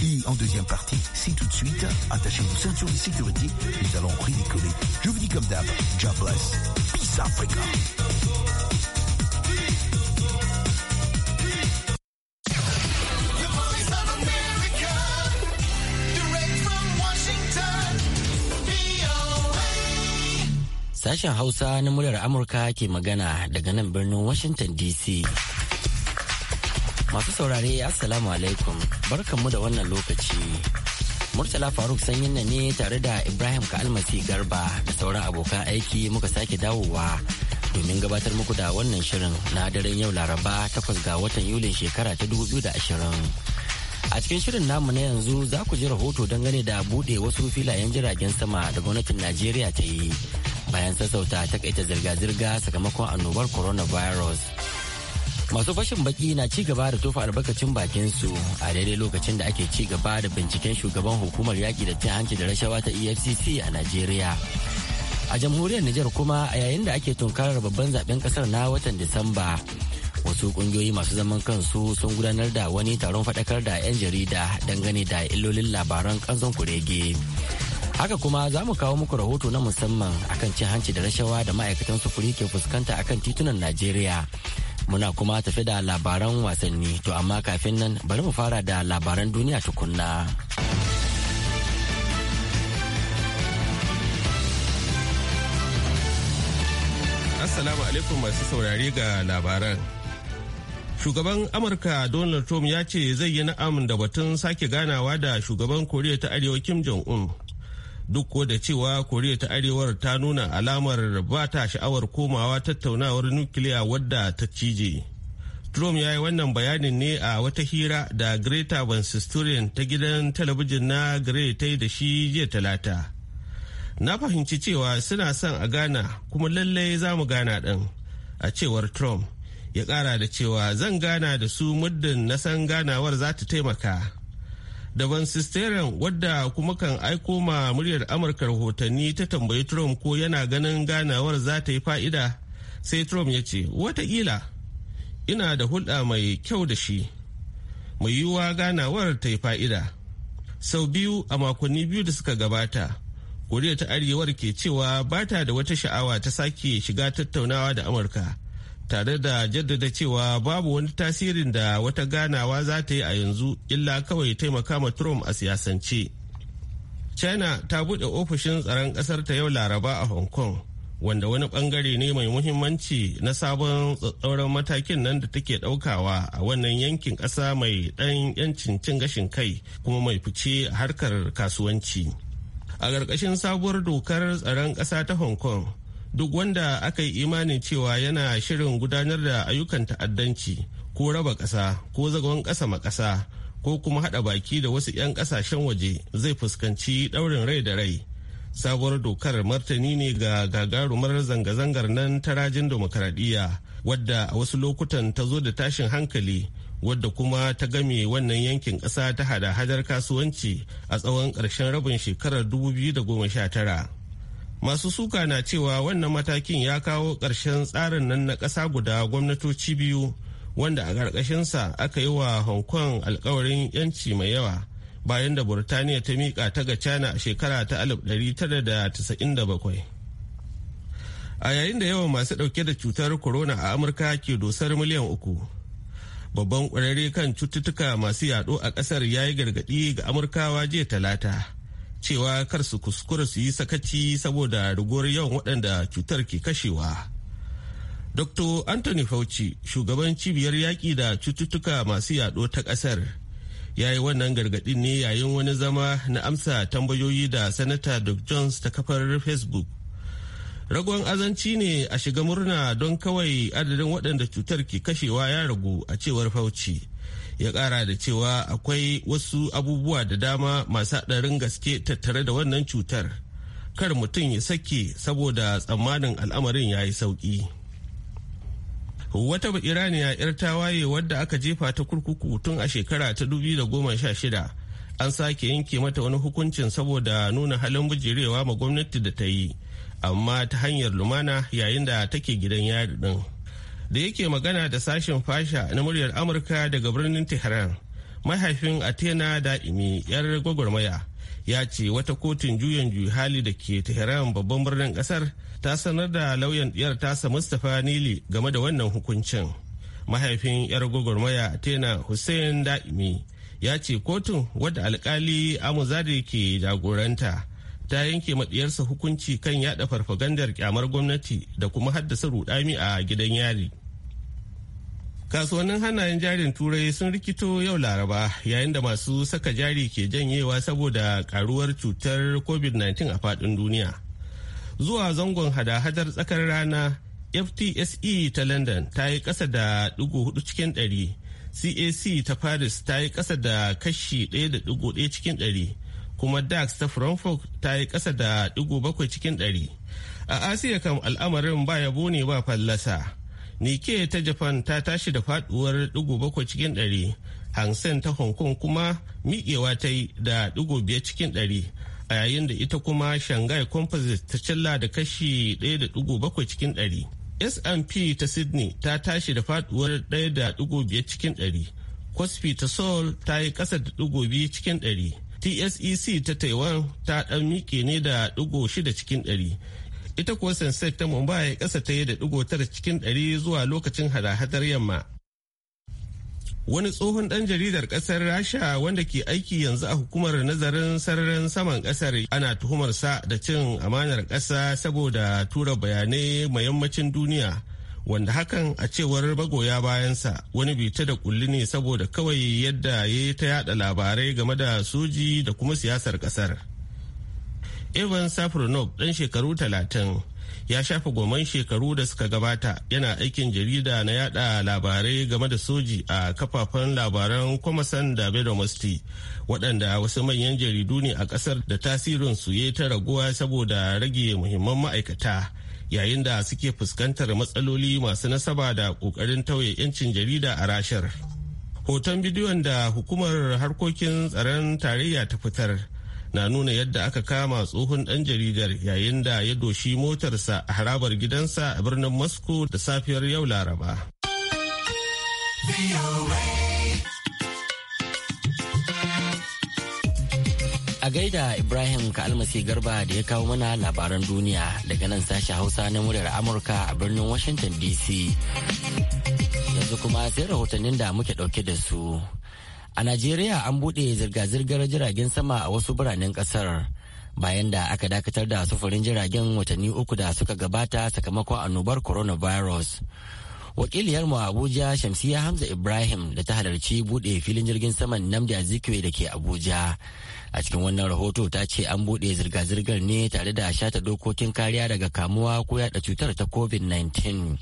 Et en deuxième partie, c'est tout de suite, attachez vos ceintures de sécurité, nous allons ridiculer. Je vous dis comme d'hab, God bless. Peace Africa. Sashen Hausa na muryar Amurka ke magana daga nan birnin Washington DC. Masu saurare Assalamu alaikum barkanmu da wannan lokaci. Murtala Faruk sanyin na ne tare da Ibrahim Kalmasi Garba da sauran abokan aiki muka sake dawowa domin gabatar muku da wannan shirin na daren yau Laraba takwas ga watan Yulin shekara ta dubu da ashirin. A cikin shirin namu na yanzu za ku ji rahoto dangane da bude wasu filayen jiragen sama da gwamnatin Najeriya ta yi bayan sassauta takaita zirga-zirga sakamakon annobar coronavirus. masu fashin baki na ci gaba da tofa albarkacin bakin su a daidai lokacin da ake ci gaba da binciken shugaban hukumar yaƙi da cin hanci da rashawa ta efcc a najeriya a jamhuriyar nijar kuma a yayin da ake tunkarar babban zaben kasar na watan disamba wasu kungiyoyi masu zaman kansu sun gudanar da wani taron faɗakar da 'yan jarida dangane da illolin labaran kanzon kurege haka kuma za mu kawo muku rahoto na musamman akan cin hanci da rashawa da ma'aikatan sufuri ke fuskanta akan titunan najeriya Muna kuma tafi da labaran wasanni to amma kafin nan bari mu fara da labaran duniya tukunna. Assalamu alaikum masu saurari ga labaran. Shugaban Amurka Donald Trump ya ce zai yi na'am da batun sake ganawa da shugaban Koriya ta Arewa Kim Jong-un duk ko da cewa koriya ta arewar ta nuna alamar ba ta sha'awar komawa tattaunawar nukiliya wadda ta cije trump ya yi wannan bayanin ne a wata hira da greta van ta gidan talabijin na greta da shi jiya talata na fahimci cewa suna son a gana kuma lallai za mu gana ɗin a cewar trump ya ƙara da cewa zan gana da su muddin na san ganawar za ta taimaka da Van Sisteren wadda kuma kan aiko ma muryar Amurka rahotanni ta tambayi Trump ko yana ganin ganawar za ta yi fa'ida sai Trump ya ce watakila ina da hulɗa mai kyau da shi mai yiwuwa ganawar ta yi fa'ida. Sau biyu a makonni biyu da suka gabata, Koriya ta Arewar ke cewa ba ta da wata sha'awa ta sake shiga tattaunawa da Amurka. tare da jaddada cewa babu wani tasirin da wata ganawa za ta yi a yanzu illa kawai taimaka ma Trump a siyasance. China ta buɗe ofishin tsaron ƙasar ta yau Laraba a Hong Kong, wanda wani bangare ne mai muhimmanci na sabon tsatsauran matakin nan da take ɗaukawa a wannan yankin ƙasa mai ɗan 'yancin cin gashin kai kuma mai fice harkar kasuwanci. A ƙarƙashin sabuwar dokar tsaron ƙasa ta Hong Kong, duk wanda aka yi imanin cewa yana shirin gudanar da ayyukan ta'addanci ko raba ƙasa ko zagon ƙasa makasa ko kuma haɗa baki da wasu 'yan ƙasashen waje zai fuskanci ɗaurin rai da rai sabuwar dokar martani ne ga gagarumar zanga-zangar nan ta rajin demokaradiyya wadda a wasu lokutan ta zo da tashin hankali wadda kuma ta game wannan yankin ƙasa ta hada-hadar kasuwanci a tsawon ƙarshen rabin shekarar 2019 masu suka na cewa wannan matakin ya kawo ƙarshen tsarin nan na ƙasa guda gwamnatoci biyu wanda a ƙarƙashinsa aka yi wa hong kong alkawarin yanci mai yawa bayan da burtaniya ta miƙa ta ga china a shekara ta 1997 a yayin da yawa masu ɗauke da cutar corona a amurka ke dosar miliyan uku babban ƙwararre kan cututtuka masu yaɗo a ƙasar ya yi gargaɗi ga amurkawa jiya talata cewa kar su kuskura su yi sakaci saboda rigowar yawan waɗanda cutar ke kashewa. Dr. Anthony Fauci, shugaban cibiyar yaƙi da cututtuka masu yaɗo ta ƙasar, ya yi wannan gargaɗin ne yayin wani zama na amsa tambayoyi da Sanata Doug Jones ta kafar Facebook. Ragon azanci ne a shiga murna don kawai adadin waɗanda cutar ke kashewa ya ragu a cewar Fauci. ya kara da cewa akwai wasu abubuwa da dama masu haɗarin gaske tattare da wannan cutar kar mutum ya sake saboda tsammanin al'amarin ya yi sauƙi wata iraniya 'yar tawaye wadda aka jefa ta kurkuku tun a shekara ta 2016 an sake yanke mata wani hukuncin saboda nuna halin bujirewa ma gwamnati da ta yi amma ta hanyar lumana yayin da take gidan yari din. da yake magana da sashen fasha na muryar amurka daga birnin tehran mahaifin athena da'imi yar gwagwarmaya ya ce wata kotun juyan juyi hali da ke tehran babban birnin kasar ta sanar da lauyan diyar tasa mustapha nili game da wannan hukuncin mahaifin yar gwagwarmaya Atena hussein da'imi ya ce kotun wadda alkali amuzade ke jagoranta ta yanke maɗiyarsa hukunci kan yada farfagandar kyamar gwamnati da kuma haddasa rudami a gidan yari kasuwannin hannayen jarin turai sun rikito yau laraba yayin da masu saka jari ke janyewa saboda karuwar cutar covid-19 a faɗin duniya zuwa zangon hada-hadar tsakar rana ftse ta london ta yi kasa da dugu hudu cikin dari cac ta paris ta yi kasa da kashi ɗaya da ɗaya cikin ɗari kuma dax ta frankfurt ta yi kasa da digo bakwai cikin ɗari a asiya kam al'amarin ba yabo ne ba fallasa nike ta japan ta tashi da faduwar digo bakwai cikin ɗari hansen ta hong kong kuma miƙewa ta yi da digo biyar cikin ɗari a yayin da ita kuma shanghai composite ta cilla da kashi ɗaya da digo bakwai cikin ɗari S&P ta Sydney ta tashi da faduwar 1.5 cikin 100, Kospi ta Seoul ta yi kasa da ɗigo biyu cikin 100, tsec ta taiwan ta dan miƙe ne da digo shida cikin ɗari ita kuwa sensex ta mumbai ƙasa ta yi da digo tara cikin ɗari zuwa lokacin hada-hadar yamma wani tsohon dan jaridar kasar rasha wanda ke aiki yanzu a hukumar nazarin sararin saman ƙasar ana tuhumarsa da cin amanar kasa saboda tura bayanai mayammacin duniya wanda hakan a cewar bagoya bayansa wani bita da kulli ne saboda kawai yadda ya ta yada labarai game da soji da kuma siyasar kasar. Evan Safronov ɗan shekaru talatin ya shafa goman shekaru da suka gabata yana aikin jarida na yada labarai game da soji a kafafen labaran kwamasan da bedomosti waɗanda wasu manyan jaridu ne a ƙasar da tasirin su ya ta raguwa saboda rage muhimman ma'aikata yayin da suke fuskantar matsaloli masu nasaba da kokarin tauye 'yancin jarida a rashar. Hoton bidiyon da hukumar harkokin tsaron tarayya ta fitar na nuna yadda aka kama tsohon dan jaridar yayin da ya doshi motarsa a harabar gidansa a birnin Moscow da safiyar yau Laraba. A gaida Ibrahim Kalmasi Garba da ya kawo mana labaran duniya daga nan sashen Hausa na muryar Amurka a birnin Washington DC. Yanzu kuma sai rahotannin da muke ɗauke da su. A Najeriya an buɗe zirga-zirgar jiragen sama a wasu biranen ƙasar. bayan da aka dakatar da sufurin jiragen watanni uku da suka gabata sakamakon annobar coronavirus. wakiliyar mu abuja shamsiya hamza ibrahim da ta halarci bude filin jirgin saman namdi azikiwe da ke abuja a cikin wannan rahoto ta ce an bude zirga-zirgar ne tare da shata dokokin kariya daga kamuwa ko yada cutar ta covid-19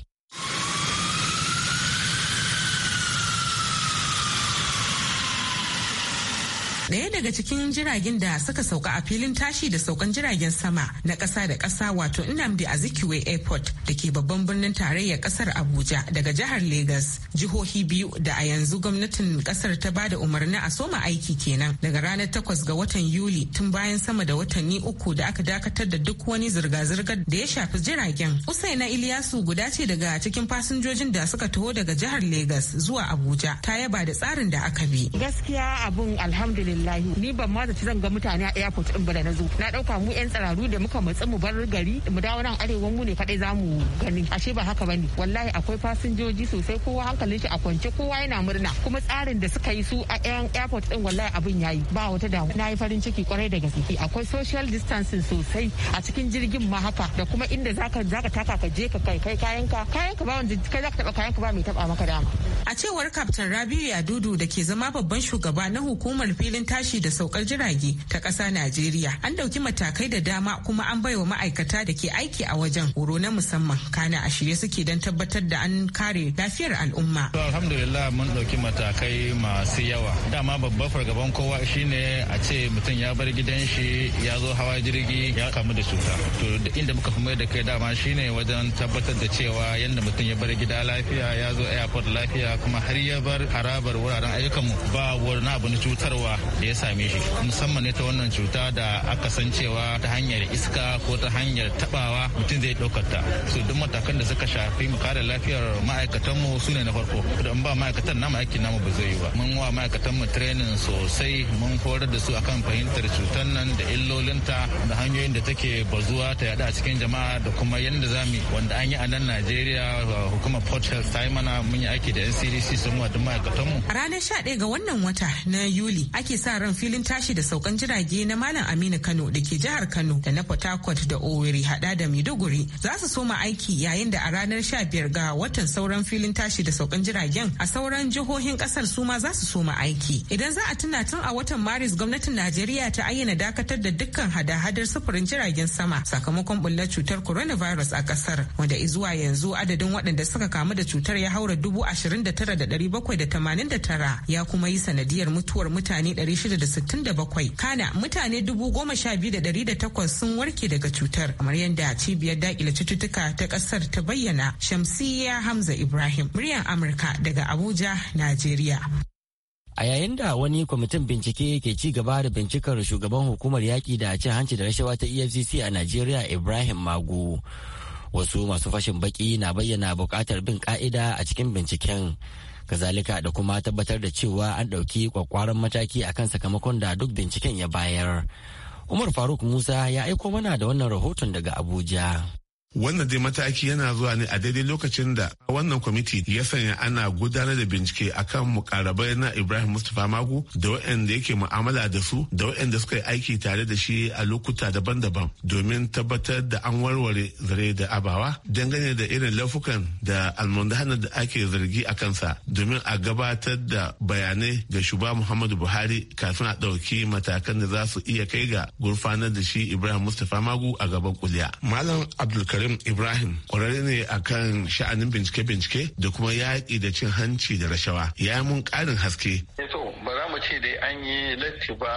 Daya daga cikin jiragen da suka sauka a filin tashi da saukan jiragen sama na kasa da kasa wato Nnamdi Azikiwe Airport da ke babban birnin tarayyar kasar Abuja daga jihar Legas. Jihohi biyu da a yanzu gwamnatin kasar ta ba da umarni a soma aiki kenan daga ranar takwas ga watan Yuli tun bayan sama da watanni uku da aka dakatar da duk wani zirga-zirgar da ya shafi jiragen. Usaina Iliyasu guda ce daga cikin fasinjojin da suka taho daga jihar Legas zuwa Abuja ta yaba da tsarin da aka bi. Gaskiya abun alhamdulillah lillahi ni ban ma zaci zan ga mutane a airport din ba na zo na dauka mu yan tsararu da muka matsi mu bar gari mu dawo nan arewa mu ne kadai zamu gani ashe ba haka bane wallahi akwai fasinjoji sosai kowa hankalin shi a kwance kowa yana murna kuma tsarin da suka yi su a yan airport din wallahi abin yayi ba wata damu na yi farin ciki kwarai da gaske akwai social distancing sosai a cikin jirgin ma haka da kuma inda zaka zaka taka ka je ka kai kai kayanka kayanka ba wanda kai zaka taba kayanka ba mai taba maka dama a cewar captain Rabiu Yadudu da ke zama babban shugaba na hukumar filin tashi da saukar jirage ta ƙasa Najeriya. An ɗauki matakai da dama kuma an baiwa ma'aikata da ke aiki a wajen horo na musamman. Kana a shirye suke don tabbatar da an kare lafiyar al'umma. Alhamdulillah mun ɗauki matakai masu yawa. Dama babbar fargaban kowa shine a ce mutum ya bar gidan shi ya zo hawa jirgi ya kamu da cuta. To inda muka fi da kai dama shine wajen tabbatar da cewa yadda mutum ya bar gida lafiya ya zo airport lafiya kuma har ya bar harabar wuraren ayyukanmu ba wani abu na cutarwa da ya same shi musamman ne ta wannan cuta da aka san cewa ta hanyar iska ko ta hanyar tabawa mutum zai ɗaukar ta su duk matakan da suka shafi mu kare lafiyar ma'aikatan mu su na farko don ba ma'aikatan namu aikin namu ba zai yi ba mun wa ma'aikatan mu training sosai mun horar da su akan fahimtar cutar nan da illolinta da hanyoyin da take bazuwa ta yada a cikin jama'a da kuma yadda za mu wanda an yi a nan Najeriya hukumar Port Health ta mana mun yi aiki da NCDC sun wa duk ma'aikatan mu. A ranar 11 ga wannan wata na Yuli ake sa ran filin tashi da saukan jirage na Malam Aminu Kano da ke jihar Kano da na Port da Owerri hada da Maiduguri za su soma aiki yayin da a ranar sha biyar ga watan sauran filin tashi da saukan jiragen a sauran jihohin kasar su ma za su soma aiki. Idan za a tuna tun a watan Maris gwamnatin Najeriya ta ayyana dakatar da dukkan hada-hadar sufurin jiragen sama sakamakon bullar cutar coronavirus a kasar wanda zuwa yanzu adadin waɗanda suka kamu da cutar ya haura dubu ashirin da tara da ɗari bakwai da tamanin da tara ya kuma yi sanadiyar mutuwar mutane ɗari 1667 kana mutane 12,800 sun warke daga cutar kamar yadda cibiyar dakile cututtuka ta kasar ta bayyana shamsiya hamza ibrahim muryar amurka daga abuja najeriya a yayin da wani kwamitin bincike ke ci gaba da bincikar shugaban hukumar yaƙi da cin hanci da rashawa ta efcc a najeriya ibrahim magu wasu masu fashin baki na bayyana buƙatar bin ƙa'ida a cikin binciken kazalika da kuma tabbatar da cewa an ɗauki kwakwaran mataki a kan sakamakon da duk binciken ya bayar umar faruk musa ya aiko mana da wannan rahoton daga abuja Wannan dai mataki yana zuwa ne a daidai lokacin da wannan kwamiti ya sanya ana gudanar da bincike akan mukarabai na Ibrahim Mustapha Magu da waɗanda yake mu'amala da su da waɗanda suka yi aiki tare da shi a lokuta daban-daban domin tabbatar da an warware zare da abawa dangane da irin laifukan da almundahana da ake zargi a kansa domin a gabatar da bayanai ga Shuba Muhammadu Buhari kafin a ɗauki matakan da za su iya kai ga gurfanar da shi Ibrahim Mustapha Magu a gaban kuliya. Malam Abdulkadir karim Ibrahim kwararre ne a kan sha'anin bincike-bincike da kuma yaƙi da cin hanci da rashawa. Ya mun ƙarin haske. Eh mu ce dai an yi latti ba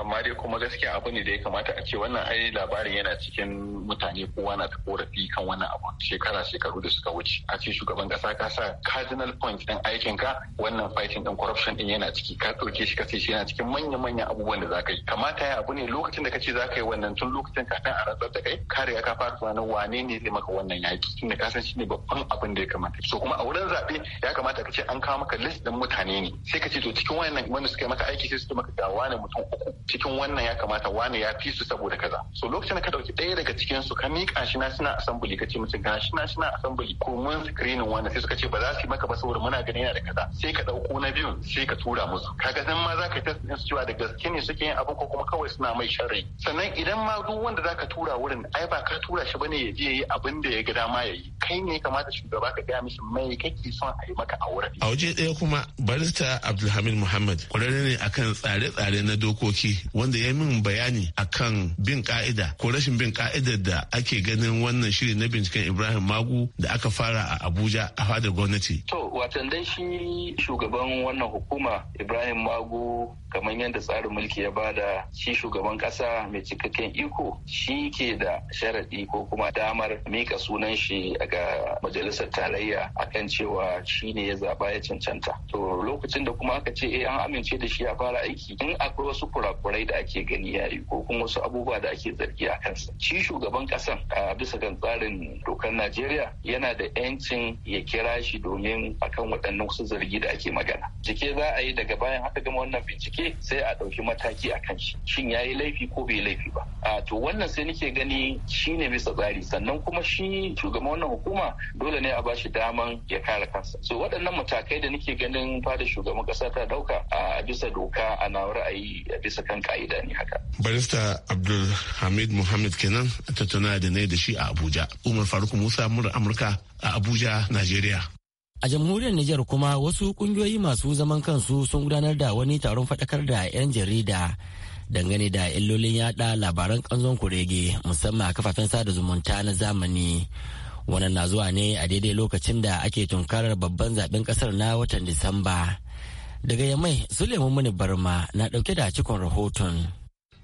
amma dai kuma gaskiya abu ne da ya kamata a ce wannan ai labarin yana cikin mutane kowa na ta korafi kan wannan abu shekara shekaru da suka wuce a ce shugaban kasa ka sa cardinal point din aikin ka wannan fighting din corruption din yana ciki ka dauke shi ka ce shi yana cikin manya manyan abubuwan da zaka yi kamata ya abu ne lokacin da kace zaka yi wannan tun lokacin kafin a rantsar da kai ka riga ka fara tunanin wane ne zai maka wannan yaki da ka san ne babban abin da ya kamata so kuma a wurin zabe ya kamata ka ce an kawo maka list din mutane ne sai ka ce to cikin wannan wanda suka kai maka aiki sai su maka ga wane mutum uku cikin wannan ya kamata wane ya fi su saboda kaza so lokacin ka dauki ɗaya daga cikin su ka miƙa shi na suna assembly ka ce musu ga shi na suna assembly ko mun screening wannan sai suka ce ba za su yi maka ba saboda muna ganin yana da kaza sai ka dauko na biyun sai ka tura musu kaga san ma za ka test din su cewa da gaske ne suke yin abin ko kuma kawai suna mai sharri sannan idan ma duk wanda za ka tura wurin ai ba ka tura shi bane ya je ya yi abin da ya ga dama ya yi kai ne kamata shugaba ka ga mishi mai kake son a yi maka a wurin a waje ɗaya kuma barista abdulhamid muhammad kwarar tsare ne akan tsare-tsare na dokoki wanda ya min bayani akan bin ka'ida ko rashin bin ka'idar da ake ganin wannan shiri na binciken Ibrahim Magu da aka fara a Abuja a fadar gwamnati. To watan dai shi shugaban wannan hukuma Ibrahim Magu kamar yadda tsarin mulki ya bada shi shugaban kasa mai cikakken iko shi ke da sharaɗi ko kuma damar mika sunan shi ga majalisar tarayya akan cewa shi ne ya zaba ya cancanta to lokacin da kuma aka ce eh an amince da shi ya fara aiki in akwai wasu kurakurai da ake gani ya yi? ko kuma wasu abubuwa da ake zargi a kansa shi shugaban kasan a bisa kan tsarin dokar Najeriya yana da 'yancin ya kira shi domin akan waɗannan wasu zargi da ake magana cike za a yi daga bayan haka gama wannan bincike bincike sai a ɗauki mataki a kan shi shin ya yi laifi ko bai laifi ba a to wannan sai nake gani shine bisa tsari sannan kuma shi shugaban wannan hukuma dole ne a ba shi daman ya kare kansa so waɗannan matakai da nake ganin fada shugaban ƙasa ta ɗauka a bisa doka a na ra'ayi a bisa kan ka'ida ne haka barista abdul hamid muhammad kenan a tattauna da ne da shi a abuja umar faruk musa mura amurka a abuja najeriya A jamhuriyar Nijar kuma wasu kungiyoyi masu zaman kansu sun gudanar da wani taron faɗakar da 'yan jarida dangane da illolin yada labaran kanzon kurege musamman a kafafen sada zumunta na zamani. Wannan na zuwa ne a daidai lokacin da ake tunkarar babban zaben kasar na watan Disamba. Daga Yamai, Suleiman Muni Barma na ɗauke da cikon rahoton.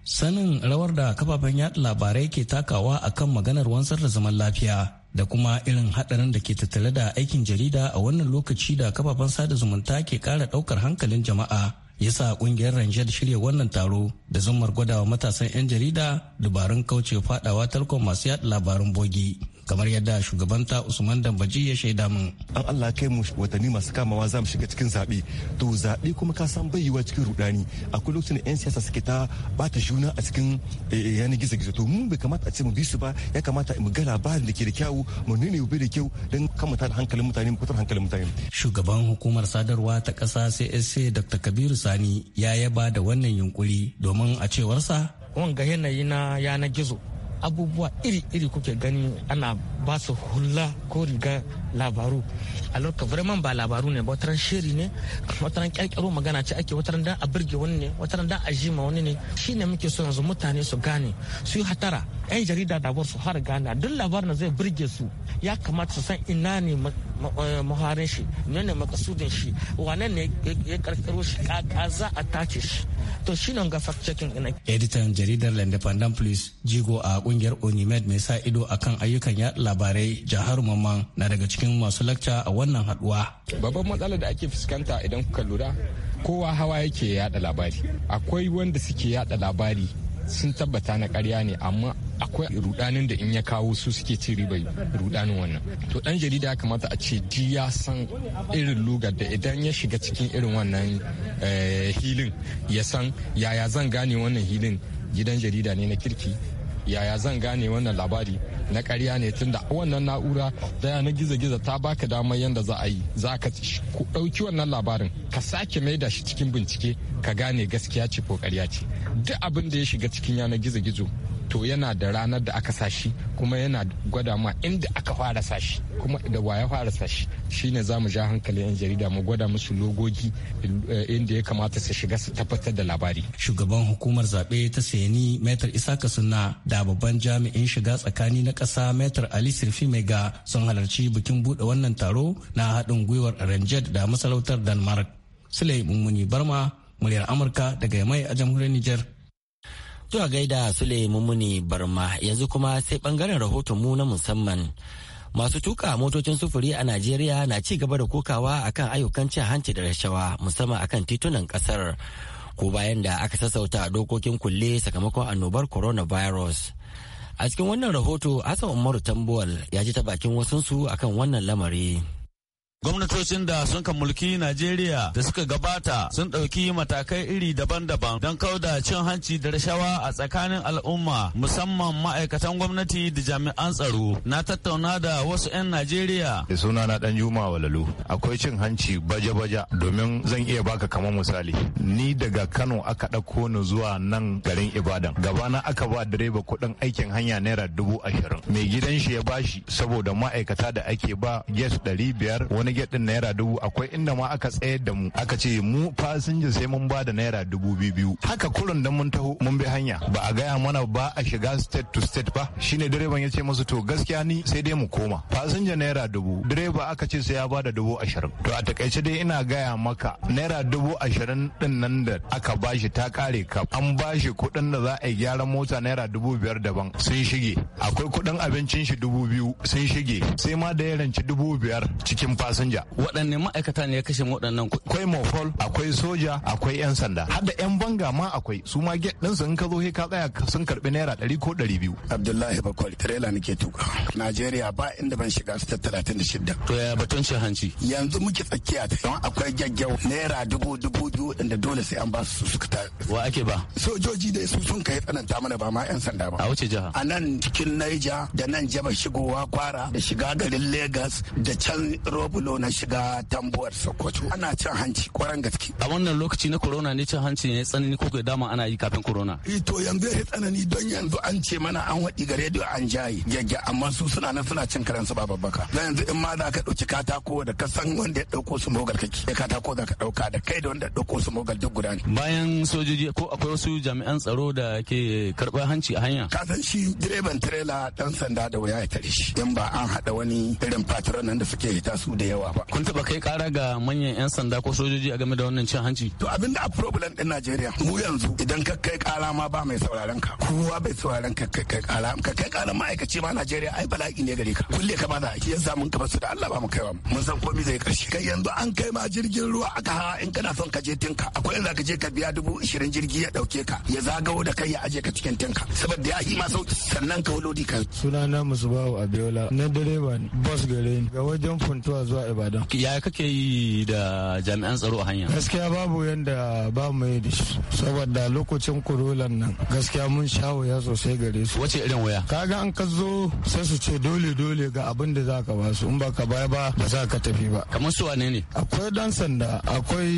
sanin rawar da kafafen yada labarai ke takawa akan maganar wansar da zaman lafiya da kuma irin hadarin da ke tattale da aikin jarida a wannan lokaci da kafafen sada zumunta ke kara daukar hankalin jama'a ya sa kungiyar ranger shirya wannan taro da zumar gwadawa matasan 'yan jarida dubarun kauce fadawa talkon masu yada labaran bogi kamar yadda shugaban ta usman dambaji ya shaida min an allah kai mu watanni masu kamawa za mu shiga cikin zaɓe to zaɓe kuma ka san bayyuwa cikin rudani akwai lokacin da 'yan siyasa suke ta bata juna a cikin eh, yana gizo gizo to mun bai kamata a ce mu bisu ba ya kamata mu ga labarin da ke da kyawu mu nuna da kyau don kamata da hankalin mutane mu kutar hankalin mutane shugaban hukumar sadarwa ta ƙasa CSA Dr. Kabiru Sani ya yaba da wannan yunkuri domin a cewar cewarsa wanga yanayi na yanar gizo abubuwa iri-iri kuke gani ana ba su hula ko riga labaru a lokacin vraiment ba labaru ne ran shiri ne ran kyalkyaro magana ce ake ran dan a birge wani ne ran dan a jima wani ne shine muke so yanzu mutane su gane su yi hatara yan jarida da su har gane duk labarin zai birge su ya kamata su san ina ne muharin eh, shi ne ne makasudin shi wane ne ya karkaro shi kaka za a tace shi to shine ga fact checking ina editan jaridar l'independent police jigo a kungiyar onimed mai sa ido a kan ayyukan yaɗa labarai jihar mamman na daga cikin masu lakca a wannan haduwa babban matsalar da ake fuskanta idan kuka lura kowa hawa yake yaɗa labari akwai wanda suke yaɗa labari sun tabbata na karya ne amma akwai rudanin da in ya kawo su suke ci riba rudanin wannan to dan jarida ya kamata a ce ji ya san irin lugar da idan ya shiga cikin irin wannan eh, hilin ya san yaya zan gane wannan hilin gidan jarida ne na kirki yaya zan gane wannan labari na karya ne tunda wannan na'ura da yanar gizo-gizo ta baka damar yadda za a yi za ka ɗauki wannan labarin ka sake mai da shi cikin bincike ka gane gaskiya ce ko karya ce duk abin da ya shiga cikin yanar gizo-gizo to yana da ranar da aka sashi kuma yana gwada ma inda aka fara sashi kuma da waya fara sashi shine za mu ja hankalin 'yan jarida mu gwada musu logogi eh, inda ya kamata su shiga su tabbatar da labari shugaban hukumar zaɓe ta sayani metar isaka suna da babban jami'in shiga tsakani na kasa metar ali sirfi mega sun halarci bikin buɗe wannan taro na haɗin gwiwar ranjad da masarautar danmark sule mummuni barma muryar amurka daga mai a jamhuriyar niger To a gaida Sule Mumuni Barma yanzu kuma sai bangaren rahoton mu na musamman. Masu tuka motocin sufuri a Najeriya na ci gaba da kokawa akan ayyukan cin hanci da rashawa musamman akan titunan kasar. Ko bayan da aka sassauta dokokin kulle sakamakon annobar coronavirus. A cikin wannan rahoto Hassan Umaru Tambuwal ya ji ta bakin wasunsu akan wannan lamari. Gwamnatocin da sun mulki Najeriya da suka gabata sun ɗauki matakai iri daban-daban don da cin hanci da rashawa a tsakanin al'umma musamman ma'aikatan gwamnati da jami'an tsaro. Na tattauna da wasu 'yan Najeriya. Da suna na ɗan Juma Walalu. Akwai cin hanci baje baja domin zan iya baka kamar misali. Ni daga Kano aka ɗauko ni zuwa nan garin Ibadan. gaba na aka ba direba kuɗin aikin hanya naira dubu ashirin. Mai gidan shi ya bashi saboda ma'aikata da ake ba gas ɗari biyar wani wani gate din naira dubu akwai inda ma aka tsayar da mu aka ce mu fasinja sai mun ba da naira dubu biyu haka kurin da mun taho mun bi hanya ba a gaya mana ba a shiga state to state ba shine direban ya ce musu to gaskiya ni sai dai mu koma fasinja naira dubu direba aka ce sai ya bada dubu ashirin to a takaice dai ina gaya maka naira dubu ashirin din nan da aka bashi ta kare ka an bashi kuɗin da za a yi gyaran mota naira dubu biyar daban sun shige akwai kuɗin abincin shi dubu biyu sun shige sai ma da ya ranci dubu biyar cikin fasinja fasinja waɗanne ma'aikata ne ya kashe waɗannan akwai mofol akwai soja akwai yan sanda har da yan banga ma akwai su ma get ɗinsu in ka zo he ka tsaya sun karɓi naira ɗari ko ɗari biyu. abdullahi bakwai tirela nake tuka najeriya ba inda ban shiga ta talatin da shidda. to ya batun shi hanci. yanzu muke tsakiya ta don akwai gyaggyau naira dubu dubu biyu waɗanda dole sai an ba su suka ta. wa ake ba. sojoji da su sun kai tsananta mana ba ma yan sanda ba. a wuce jiha. a nan cikin naija da nan jaba shigowa kwara da shiga garin Legas da can robin kallo na shiga tambuwar sokoto ana cin hanci kwaran gaske a wannan lokaci na corona ne cin hanci ne tsanani ko ga dama ana yi kafin corona e, to yanzu ya tsanani don yanzu an ce mana an waɗi ga rediyo an jayi gyagya amma su suna nan suna cin karansu ba babbaka Na yanzu in ma za ka ɗauki katako da ka san wanda ya ɗauko su mogal kake da katako za ka ɗauka da kai da wanda ya ɗauko su mogal duk guda ne bayan sojoji ko akwai wasu jami'an tsaro da ke karɓar hanci a hanya ka san shi direban tirela dan sanda da waya ya tare shi in ba an haɗa wani irin patron nan da suke hita su da yawa yawa ba kun taba kai kara ga manyan yan sanda ko sojoji a game da wannan cin hanci to abin da a problem din Najeriya mu yanzu idan ka kai kara ma ba mai sauraron ka kowa bai sauraron ka kai kai kara ka kai kara ma'aikaci ma Najeriya ai bala'i ne gare ka kulle ka ba za a yasa mun ka su da Allah ba mu mu. mun san komai zai karshe kai yanzu an kai ma jirgin ruwa aka ha in kana son ka je tinka akwai in za ka je ka biya dubu ishirin jirgi ya dauke ka ya zagawo da kai ya aje ka cikin tinka saboda ya yi ma sauki sannan ka wulodi ka sunana musubawu abiola na direba bus gare ga wajen funtuwa zuwa Ibadan. Ya kake yi da jami'an tsaro a hanya? Gaskiya babu yanda ba mu yi da shi saboda lokacin kurolan nan gaskiya mun sha waya sosai gare su. Wace irin waya? Kaga an ka zo sai su ce dole dole ga abin da za ka ba su in ba ka baya ba ba za ka tafi ba. Kamar su wane ne? Akwai dan sanda, akwai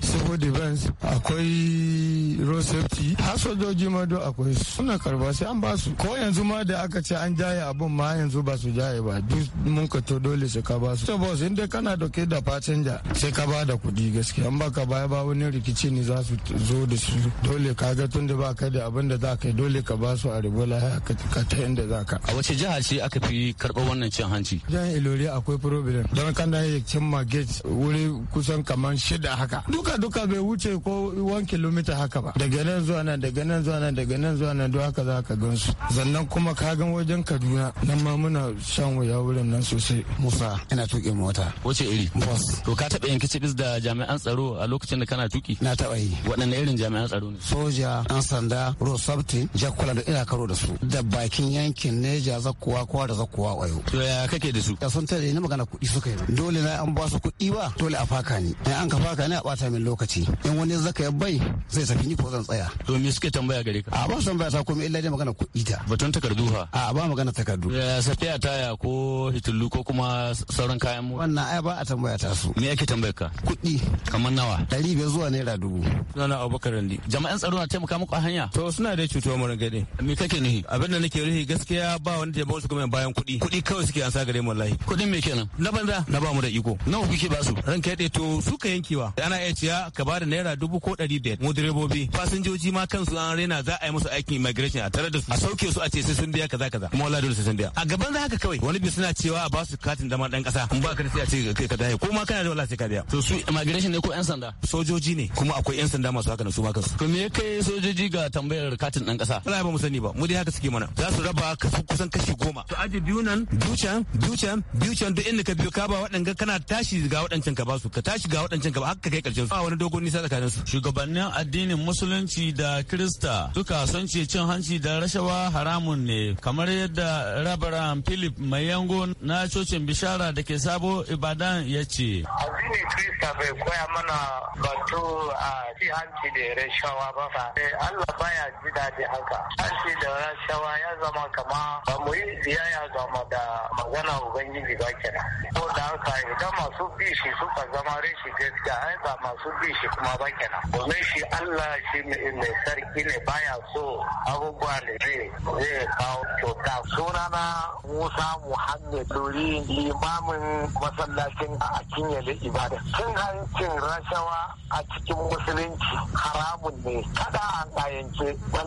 civil defense, akwai road safety, har sojoji ma do akwai suna karba sai an ba su. Ko yanzu ma da aka ce an jaye abun ma yanzu ba su jaye ba duk mun ka to dole su ka ba su. bus in dai kana dauke da fasinja sai ka ba da kudi gaskiya an baka baya ba wani rikici ne za su zo da su dole ka ga tun da ba ka da abin da za ka yi dole ka ba su a ribo lahiya ka ta inda za ka. A wace jiha ce aka fi karɓar wannan cin hanci? Jihar Ilori akwai problem don kana ya ma gate wuri kusan kamar shida haka. Duka duka bai wuce ko wan kilomita haka ba. Daga nan zuwa nan daga nan zuwa nan daga nan zuwa nan haka za ka gan su. Sannan kuma ka gan wajen Kaduna nan ma muna shan wuya wurin nan sosai. Musa ina tuki tuƙin mota wace iri bus to ka taɓa yin kicibis da jami'an tsaro a lokacin da kana tuki na taɓa yi waɗanne irin jami'an tsaro ne soja ɗan sanda road safety jakkula da ina karo da su da bakin yankin neja zakkuwa kowa da zakkuwa wayo to ya kake da su Ya sun tare ni magana kuɗi suka yi dole na an ba su kuɗi ba dole a faka ni in an ka faka ni a ɓata min lokaci in wani zaka ya bai zai tafi ni ko zan tsaya to me suke tambaya gare ka a ba su tambaya ta komai illa dai magana kuɗi ta batun takardu ha a ba magana takardu ya safiya taya ko hitullu ko kuma sauran kayan kayan mota wannan ai ba a tambaya ta su me ake tambayar ka kuɗi kamar nawa ɗari biyar zuwa naira dubu sunana abubakar randi jama'an tsaro na taimaka muku a hanya to suna da cutuwa mara gade me kake nihi? abin da nake nuhi gaskiya ba wani taimako su kuma bayan kuɗi kuɗi kawai suke an sa gare mu wallahi kuɗin me kenan na banza na ba mu da iko nawa kuke ba su Ran kai ya to su ka yankewa ana iya ciya ka ba da naira dubu ko ɗari biyar mu direbobi fasinjoji ma kansu an rena za a yi musu aikin immigration a tare da su a sauke su a ce sai sun biya kaza kaza kuma wallahi dole sai sun biya a gaban za haka kawai wani bi suna cewa a ba su katin zama ɗan ƙasa ba ka da sai a ce ka daya ko ma kana da wallahi sai ka daya to su immigration ne ko yan sanda sojoji ne kuma akwai yan sanda masu haka na su ma kansu to me kai sojoji ga tambayar katin dan kasa wallahi ba mu sani ba mu dai haka suke mana za su raba ka kusan kashi goma to aje biyu nan ducan ducan ducan duk inda ka biyo ka ba waɗanga kana tashi ga waɗancan ka ba su ka tashi ga waɗancan ka ba haka kai karshen su ba wani dogon nisa tsakanin su shugabannin addinin musulunci da krista duka sun ce cin hanci da rashawa haramun ne kamar yadda rabaran philip mayango na cocin bishara da ke sa Sabo Ibadan ya ce. Addini Krista bai koya mana batu a ah, ci hanci da rashawa ba fa. Eh, Allah baya daɗi haka Ashe da rashawa ya zama kama ba mu yi biyayya ga da magana ubangiji ba kenan ko da haka idan masu bi shi suka zama rashin gaskiya ai ba masu bi shi kuma ba kenan domin shi Allah shi mai sarki ne baya so abubuwa ne zai kawo kyauta sunana Musa Muhammad Lori limamin masallacin a kinyale ibada cin hancin rashawa a cikin musulunci haramun ne kada an kayance manzo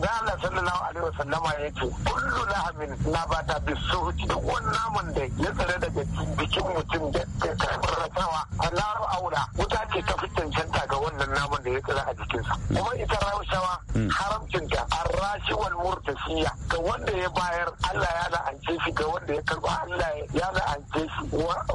Allah sallallahu alaihi ya ce kullu lahamin na bata bisuhuti duk wani naman da ya tsare daga bikin mutum da ke karbaratawa a naru aula wuta ce ta fi cancanta ga wannan naman da ya tsare a jikinsa kuma ita raushawa hmm. haramcinta arrashi wal murtasiya ga wanda ya bayar Allah ya la'ance shi ga wanda ya karba Allah ya la'ance shi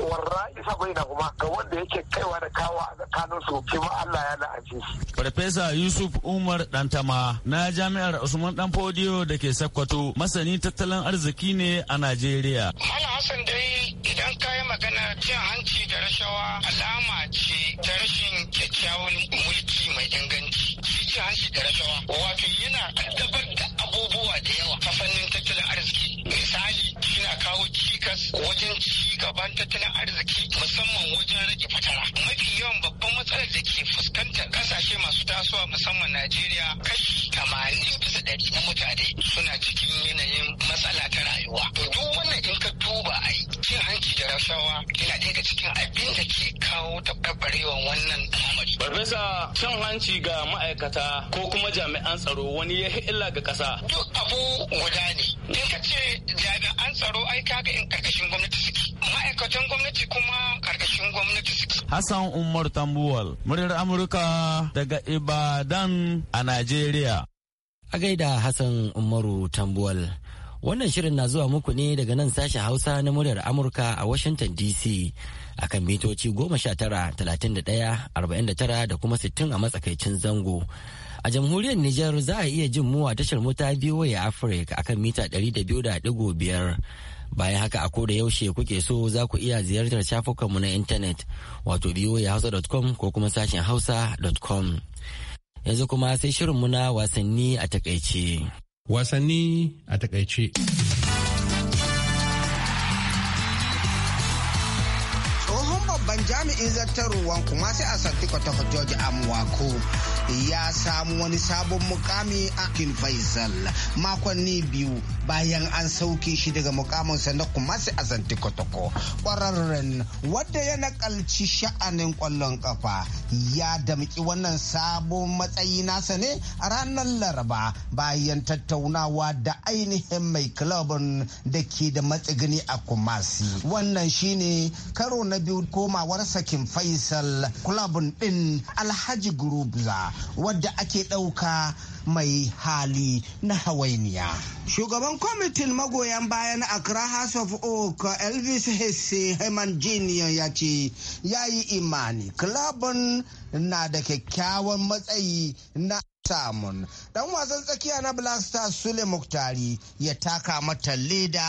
warra isa na kuma ga wanda yake kaiwa da kawa a tsakaninsu shi ma Allah ya la'ance shi Farfesa Yusuf Umar Dantama na jami'ar Umar Usman Dan Fodiyo da ke Sakkwato masani tattalin arziki ne a Najeriya. Hala Hassan dai idan ka yi magana cin hanci da rashawa alama ce ta rashin kyakkyawan mulki mai inganci. Shi cin hanci da rashawa wato yana addabar da abubuwa da yawa ta fannin tattalin arziki. Misali yana kawo cikas wajen ci gaban tattalin arziki musamman wajen rage fatara. Mafi yawan babban matsalar da ke fuskantar kasashe masu tasowa musamman Najeriya kashi tamanin bisa ɗari na mutane suna cikin yanayin matsala ta rayuwa duk wannan in ka duba ai cin hanci da rasawa yana daga cikin abin da ke kawo taɓarɓarewan wannan al'amari. Farfesa cin hanci ga ma'aikata ko kuma jami'an tsaro wani ya illa ga ƙasa. Duk abu guda ne. In ka ce jami'an tsaro ai kaga in ƙarƙashin gwamnati suke. Ma'aikatan gwamnati kuma Hassan Umar Tambuwal, muryar Amurka daga Ibadan a Najeriya. A gaida Hassan Umaru Tambuwal. Wannan shirin na zuwa muku ne daga nan sashen Hausa na muryar Amurka a Washington DC a akan mitoci 19,31,49 da kuma 60 a matsakaicin zango. A jamhuriyar Nijar za a iya jin muwa tashar mota Afirka a akan mita 200.5 bayan haka a koda yaushe kuke so za ku iya ziyartar shafukanmu na intanet wato voahausa.com ko kuma sashen hausa.com yanzu kuma sai shirinmu na wasanni a takaice wasanni a takaice jami'in zattarwan kuma sai a santi kwatakwa george amwako ya samu wani sabon mukami a kin faisal makonni biyu bayan an sauke shi daga mukamin sa na kuma sai a santi kwatakwa kwararren wadda ya nakalci sha'anin kwallon kafa ya damki wannan sabon matsayi nasa ne a ranar laraba bayan tattaunawa da ainihin mai kilabin da ke da matsigini a kumasi wannan shine karo na biyu komawa gazawar sakin faisal kulabun ɗin alhaji gurubza wadda ake ɗauka mai hali na hawainiya. Shugaban kwamitin magoyan bayan Accra House of Oak Elvis Hesse Heman Jr. ya ce ya yi imani, kulabun na da kyakkyawan matsayi na Samun dan wasan tsakiya na Blaster Sule Muktari ya taka mata leda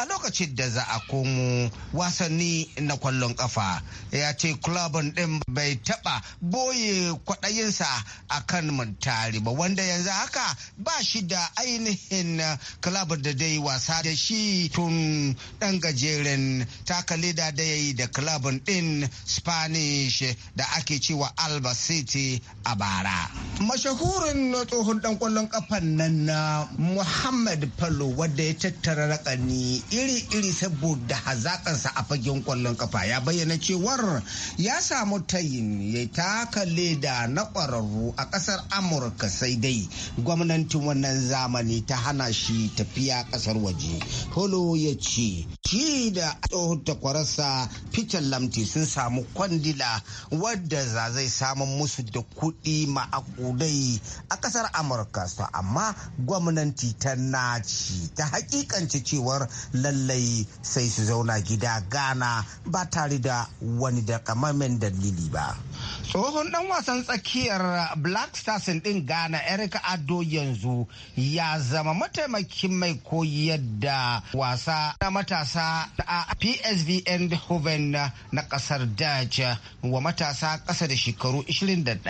a lokacin da za a komo wasanni na kwallon kafa. Ya ce kulabun ɗin bai taɓa boye kwaɗayinsa a kan muntari ba wanda yanzu haka ba shi da ainihin kulabun da dai wasa da shi tun ɗan gajeren taka leda da ya yi da kulabun ɗin Spanish da ake cewa Alba City a bara. Mashahu burin na tsohon dan kwallon kafan nan na Muhammad Fallo wanda ya tattara rakani iri-iri saboda hazakansa a fagen kwallon kafa ya bayyana cewar ya samu tayin ya taka leda na kwararru a kasar Amurka sai dai gwamnatin wannan zamani ta hana shi tafiya kasar waje. holo ya ce shi da tsohon takwararsa Peter Lamti sun samu kwandila wadda za zai samun musu da kuɗi ma'akudai a kasar amurka su amma gwamnati ta naci ta hakikanci cewar lallai sai su zauna gida gana ba tare da wani da dalili ba tsohon dan wasan tsakiyar black stars din ghana eric ado yanzu ya zama mataimakin mai koyar da wasa na matasa a psv eindhoven na kasar dutch wa matasa kasa da shekaru 21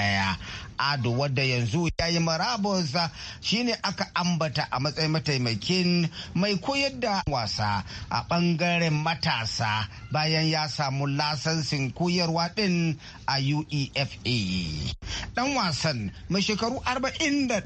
ado wadda yanzu ya yi marabus shine aka ambata a matsayin mataimakin mai koyar da wasa a bangaren matasa bayan ya samu lasansin koyarwa din a UEFA. Dan wasan mai shekaru 41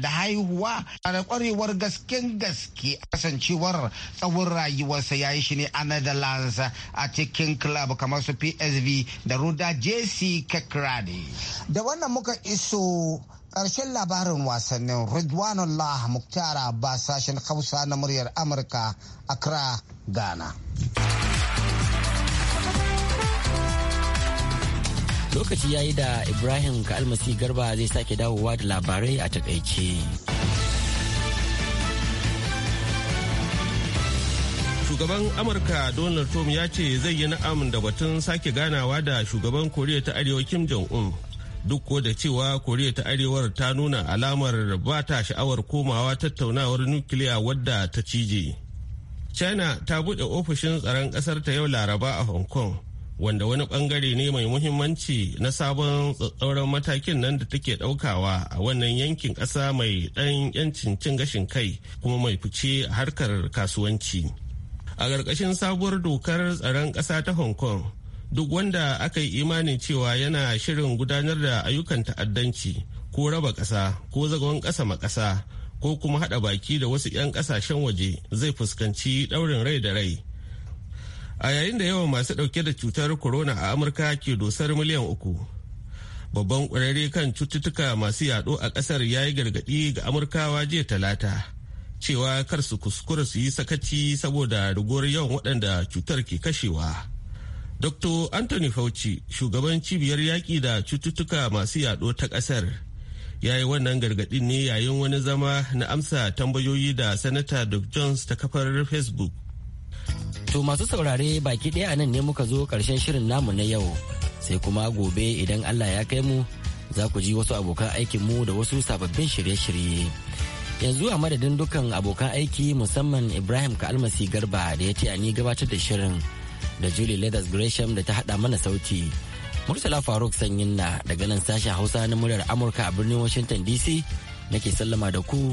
da haihuwa da kwarewar gasken gaske kasancewar tsawon rayuwarsa ya yi shi ne a Netherlands a cikin club kamar su PSV da Ruda JC Kekrade. Da wannan muka iso ƙarshen labarin wasannin Ridwanullah Muktara ba sashen Hausa na muryar Amurka Accra, Ghana. lokaci ya yi da Ibrahim Kalmasi Garba zai sake dawowa da labarai a takaice. Shugaban Amurka Donald Trump ya ce zai yi na'am da batun sake ganawa da shugaban Koriya ta Arewa Kim Jong-un. Duk ko da cewa Koriya ta Arewar ta nuna alamar ba ta sha'awar komawa tattaunawar nukiliya wadda ta cije. China ta buɗe ofishin tsaron ƙasar ta yau Laraba a Hong Kong. wanda wani bangare ne mai muhimmanci na sabon tsatsauran matakin nan da take daukawa a wannan yankin ƙasa mai ɗan yancin cin gashin kai kuma mai fice a harkar kasuwanci a ƙarƙashin sabuwar dokar tsaron ƙasa ta hong kong duk wanda aka yi imanin cewa yana shirin gudanar da ayyukan ta'addanci ko raba ƙasa ko zagon ƙasa makasa ko kuma haɗa baki da wasu 'yan ƙasashen waje zai fuskanci ɗaurin rai da rai a yayin da yawan masu dauke da cutar corona a amurka ke dosar miliyan uku babban kwararre kan cututtuka masu yaɗo a ƙasar ya yi gargaɗi ga amurkawa jiya talata cewa kar su kuskura su yi sakaci saboda rigowar yawan waɗanda cutar ke kashewa dr anthony fauci shugaban cibiyar yaƙi da cututtuka masu yaɗo ta ƙasar ya yi wannan gargaɗin ne yayin wani zama na amsa tambayoyi da sanata doug jones ta kafar facebook To masu saurare baki ɗaya nan ne muka zo ƙarshen shirin namu na yau sai kuma gobe idan Allah ya kai mu za ku ji wasu abokan aikin mu da wasu sababbin shirye-shirye. Yanzu a madadin dukkan abokan aiki musamman Ibrahim Kalmasi Garba da ya ce a ni gabatar da shirin da Julie Leathers Gresham da ta haɗa mana sauti. Murtala Faruk Sanyin na daga nan sashen Hausa na muryar Amurka a birnin Washington DC nake sallama da ku